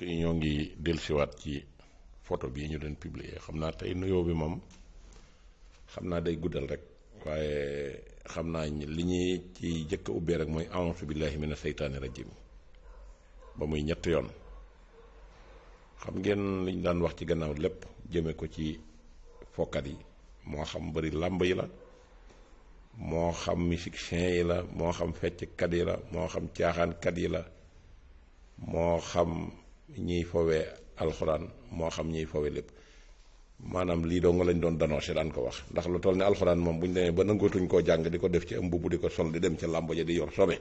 mbokk ñoo ngi dellusiwaat ci photo bii ñu doon publier xam naa tey nuyoo bi moom xam naa day guddal rek waaye xam naa li ñuy ci jëkk a rek mooy a'uuzu billaahi mina seytaani rajim ba muy ñett yoon xam ngeen li ñu daan wax ci gannaaw lépp jëme ko ci fokkat yi moo xam bari làmb yi la moo xam musiciens yi la moo xam fecckat yi la moo xam caaxaankat yi la moo xam ñiy fowee alxuraan moo xam ñiy fowee lépp maanaam lii doo nga lañ doon danoncé daan ko wax ndax lu toll ni alxuraan moom bu ñu demee ba nangootuñ koo jàng di ko def ci am mbubb di ko sol di dem ca làmb ja di yor sobe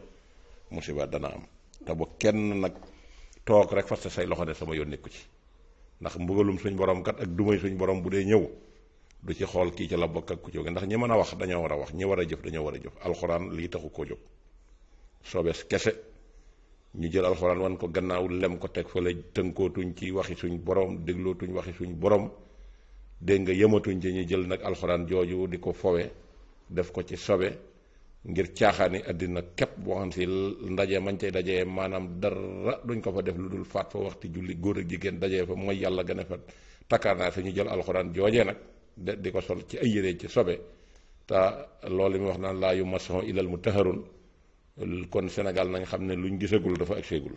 musiba dana am te bu kenn nag toog rek fas say loxo ne sama yoon nekku ci ndax mbugalum suñ borom kat ak dumay suñ borom bu dee ñëw du ci xool kii ci la bokk ak ku ci ndax ñi mën a wax dañoo war a wax ñi war a jëf dañoo war a jëf alxuraan lii koo jóg sobees kese ñu jël alxuraan wan ko gannaaw lem ko teg fa la tënkootuñ ci waxi suñ borom déglootuñ waxi suñ borom dégg nga yëmatuñ ci ñu jël nag alxuraan jooju di ko fowe def ko ci sobe ngir caaxaani àddina képp boo xam si ndaje mañ cay dajee maanaam dara duñ ko fa def lu dul faat fa waxti julli góor ak jigéen dajee fa mooy yàlla gane a fa takkaanaay sa ñu jël alxuraan joojee nag de di ko sol ci ay yére ci sobe te loolu mi wax naan laa yu maçon ilal mu taharun kon Sénégal nañ xam ne luñ gisagul dafa agseegul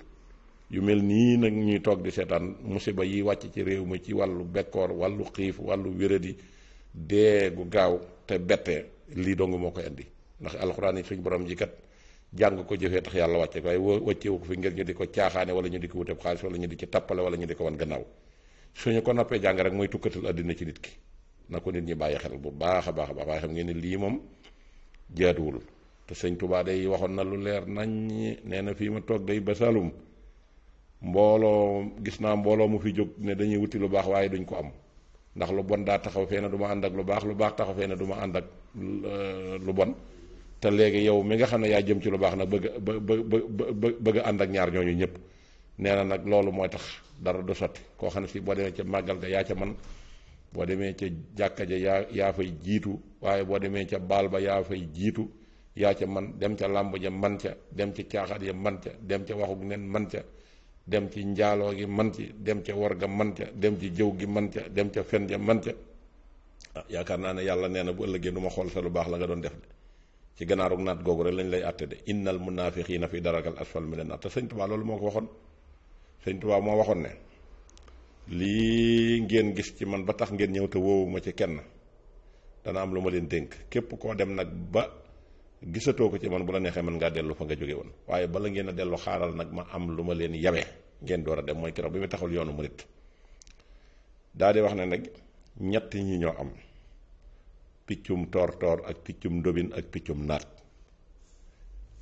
yu mel nii nag ñuy toog di seetaan musiba yi wàcc ci réew mi ci wàllu bekkoor wàllu xiif wàllu wéradi dee gu gaaw te bette lii dong moo koy indi ndax alxuraan yi suñ borom ji kat jàng ko jëfee tax yàlla wàcce ko waaye wàccewu ko fi ngir ñu di ko caaxaane wala ñu di ko wuteeb xaalis wala ñu di ci tappale wala ñu di ko wan gannaaw suñu ko noppee jàng rek mooy tukkatal àddina ci nit ki na ko nit ñi bàyyi xel bu baax a baax a baax waaye xam ne lii moom jaaduwul te sëñ Tuubaa day waxoon na lu leer nañ nee na fii ma toog day ba Saalum mbooloo gis naa mbooloo mu fi jóg ne dañuy wuti lu baax waaye duñ ko am ndax lu bon daa taxaw fee ne duma ànd ak lu baax lu baax taxaw fee ne du ma ànd ak euh, lu bon te léegi yow mi nga xam ne yaa jëm ci lu baax nag bëgg bë bë ànd ak ñaar ñooñu ñëpp nee na nag loolu mooy tax dara du sotti koo xam ne si boo demee ca màggal ga yaa ca man boo demee ca jàkka ja yaa yaa fay jiitu waaye boo demee ca baal ba yaa fay jiitu. yaa ca man dem ca làmb ja man ca dem ci caaxaat ya man ca dem ca waxu nen man ca dem ci njaaloo gi man ci dem ca war ga man ca dem ci jëw gi man ca dem ca fen ja man ca ah, yaakaar naa ne yàlla nee na bu ëllëgee du ma xool sa lu baax la nga doon def de ci gannaarug naat googu rek lañ lay àtte de innal munaafiqiina fi darakal asfal mina naat te sëñ Tuubaa loolu moo ko waxoon sëñ Tuubaa moo waxoon ne lii ngeen gis ci man ba tax ngeen ñëw te woowuma ci kenn dana am lu ma leen dénk képp koo dem nag gisatoo ko ci man bu la neexee mën ngaa dellu fa nga jóge woon waaye bala ngeen dellu xaaral nag ma am lu ma leen yabee ngeen door a dem mooy keroog bi mu taxul yoonu murit daa di wax na nag ñett ñi ñoo am piccum toor toor ak piccum ndobin ak piccum naat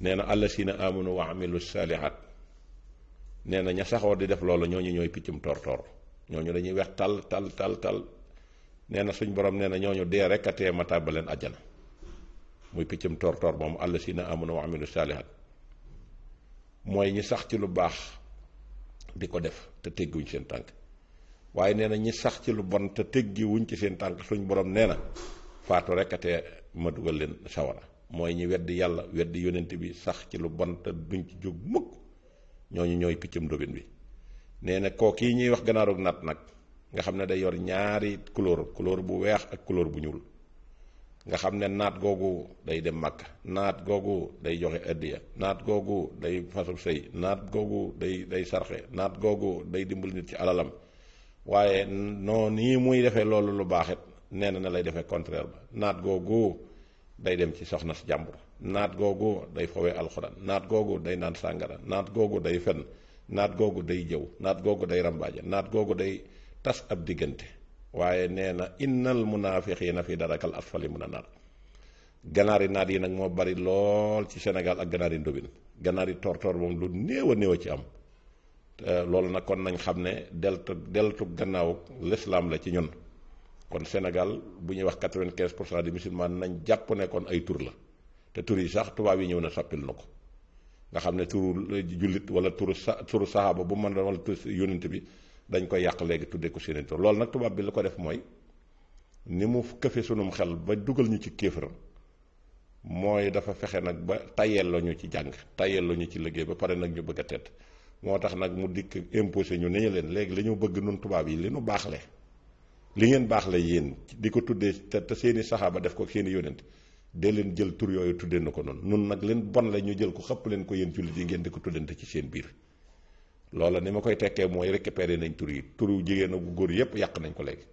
nee na allasina amanu wa amilu salihat nee na ña saxoo di def loolu ñooñu ñooy piccum toor toor ñooñu dañuy weex tal tal tal tal na suñ borom nee na ñu dee rek a tee ma tàbbaleen àjjana muy piccum tóor-tóor moom àll si na amanu wa amilu saalihat mooy ñi sax ci lu baax di ko def te teggiwuñ seen tànk waaye nee na ñi sax ci lu bon te teggiwuñ ci seen tànk suñ boroom nee na faatu rek atee ma dugal leen sawara mooy ñi weddi yàlla weddi yonent bi sax ci lu bon te duñ ci jóg mukk ñooñu ñooy piccum ndóbin bi nee na kooku yi ñuy wax gannaarug nat nag nga xam ne day yor ñaari couleur couleur bu weex ak couleur bu ñuul. nga xam ne naat googu day dem màkk naat googu day joxe addiya naat googu day fasub sëy naat googu day day sarxe naat googu day dimbali nit ci alalam waaye noo nii muy defee loolu lu baaxet nee na na lay defee contraire ba naat googu day dem ci soxna si jàmbur naat googu day fowee alxuraan naat googu day naan sàngara naat googu day fen naat googu day jëw naat googu day rambaaje naat googu day tas ab diggante waaye nee na innal munaafiqiina fi darakal asfali mun a nar ganaari naat yi nag moo bari lool ci Sénégal ak ganaari ndobin ganaari tortoor moom lu néew a néew a ci am loolu nag kon nañ xam ne deltu deltu gannaaw lislaam la ci ñun kon Sénégal bu ñuy wax quatre-vingt-quinze pour cent di musulman nañ jàpp ne ay tur la te tur yi sax tubaab yi ñëw na sappil na ko nga xam ne turu jullit wala turu sa turu sahaaba bu mën wala turu yónent bi dañ koy yàq léegi tuddee ko seen tur lool nag tubaab bi lu ko def mooy ni mu këfe sunum xel ba dugal ñu ci kéefar mooy dafa fexe nag ba tayel la ñu ci jàng tayel la ñu ci liggéey ba pare nag ñu bëgg a tedd moo tax nag mu dikk imposé ñu ne leen léegi li ñu bëgg nun tubaab yi li nu baaxle li ngeen baaxle yéen di ko tuddee te te seeni saxaaba def ko seeni yónent dee leen jël tur yooyu tuddee na ko noonu nun nag leen bon la ñu jël ko xëpp leen ko yéen jullit yi ngeen di ko tuddante ci seen biir loola ni ma koy tekkee mooy récupéré nañ tur yi turu jigéen gu góor yépp yàq nañ ko léegi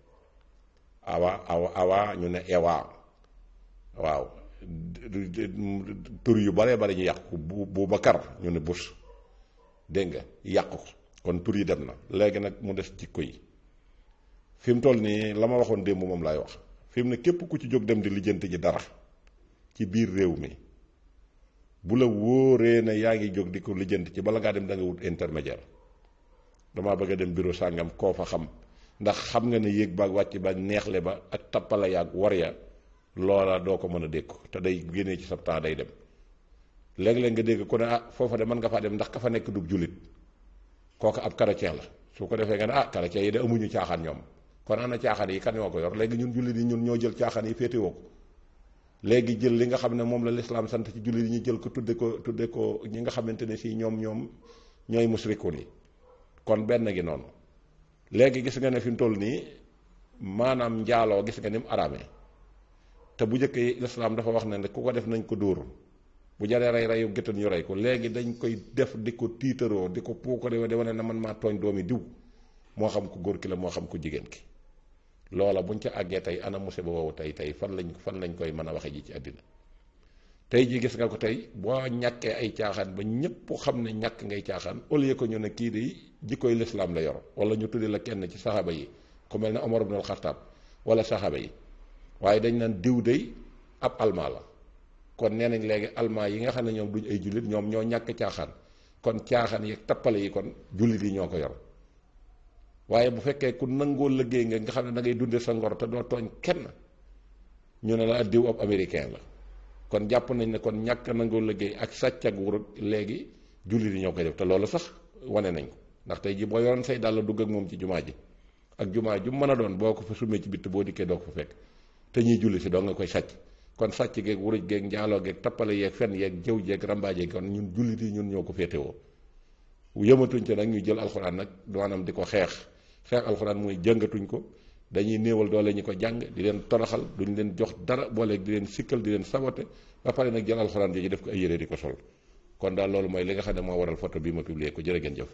awa awa awa ñu ne ewa waaw tur yu baree bari ñu yàq ko bu Bubakar ñu ne Bush dégg nga yàq ko kon tur yi dem na léegi nag mu def jikko yi fi mu toll nii la ma waxoon démb moom laay wax fi mu ne képp ku ci jóg dem di lijjant ji dara ci biir réew mi bu la wóoree na yaa ngi jóg di ko lijjanti ci bala ngaa dem da nga wut intermédiaire damaa bëgg a dem bureau sàngam koo fa xam ndax xam nga ne yéeg baag wàcc ba neexle ba ak tappala yaag war ya loola doo ko mën a dékku te day génnee ci sa temps day dem léeg-léeg nga dégg ko ne ah foofa de mën nga faa dem ndax ka fa nekk dub jullit kooku ab chrétien la su ko defee nga ne ah chrétien yi de amuñu caaxaan ñoom kon ana caaxaan yi kan ñoo ko yor léegi ñun jullit yi ñun ñoo jël caaxaan yi féetewoo ko léegi jël li nga xam ne moom la lislaam sant ci jullit yi ñu jël ko tudde ko tudde ko ñi nga xamante ne si ñoom ñoom ñooy musrikuun yi kon benn gi noonu léegi gis nga ne fi mu toll nii maanaam njaaloo gis nga ni mu te bu njëkk yi lislaam dafa wax ne ne ku ko def nañ ko dóor bu jaree rey reyu géttan ñu rey ko léegi dañ koy def di ko tiitaroo di ko puukaree di wane ne man maa tooñ doomi diw moo xam ko góor ki la moo xam ko jigéen ki loola buñ ca àggee tey ana musiba woowu tey tey fan lañ fan lañ koy mën a waxe ji ci àddina tey ji gis nga ko tey boo ñàkkee ay caaxaan ba ñépp xam ne ñàkk ngay caaxaan au lieu que ñu ne kii di jikkoy lislaam la yor wala ñu tuddi la kenn ci saxaaba yi ku mel ne Omar ibn al-Khattab wala saxaaba yi waaye dañ naan diw dey ab almaa la kon nee nañ léegi almaa yi nga xam ne ñoom duñ ay jullit ñoom ñoo ñàkk caaxaan kon caaxaan yeeg tappale yi kon jullit yi ñoo ko yor waaye bu fekkee ku nangoo liggéey nga nga xam ne da ngay dundee sa ngoro te doo tooñ kenn ñu ne la diw ab américain la kon jàpp nañ ne kon ñàkk nangoo liggéey ak sàcc ak wurut léegi jullit yi ñoo koy def te loolu sax wane nañ ko ndax tey ji boo yoroon say dàll dugg ak moom ci jumaa ji ak jumaa ju mën a doon boo ko fa sumee ci bitt boo dikkee doo ko fa fekk te ñuy julli si doo nga koy sàcc kon sàcc geeg wuruj geeg njaaloo geeg tappale yeeg fen yeeg jëw jeeg rambaajeeg kon ñun jullit yi ñun ñoo ko féetewoo yëmatuñ ci nag ñu jël alxuraan nag maanaam di ko xeex xeex alxuraan mooy jëngatuñ ko dañuy néewal doole ñi ko jàng di leen toroxal duñ leen jox dara booleeg di leen sikkal di leen sabote ba pare nag jël alxuraan jooju def ko ay yére di ko sol kon daal loolu mooy li nga xam ne moo waral photo bii ma publier ko jërë ngeen jëf.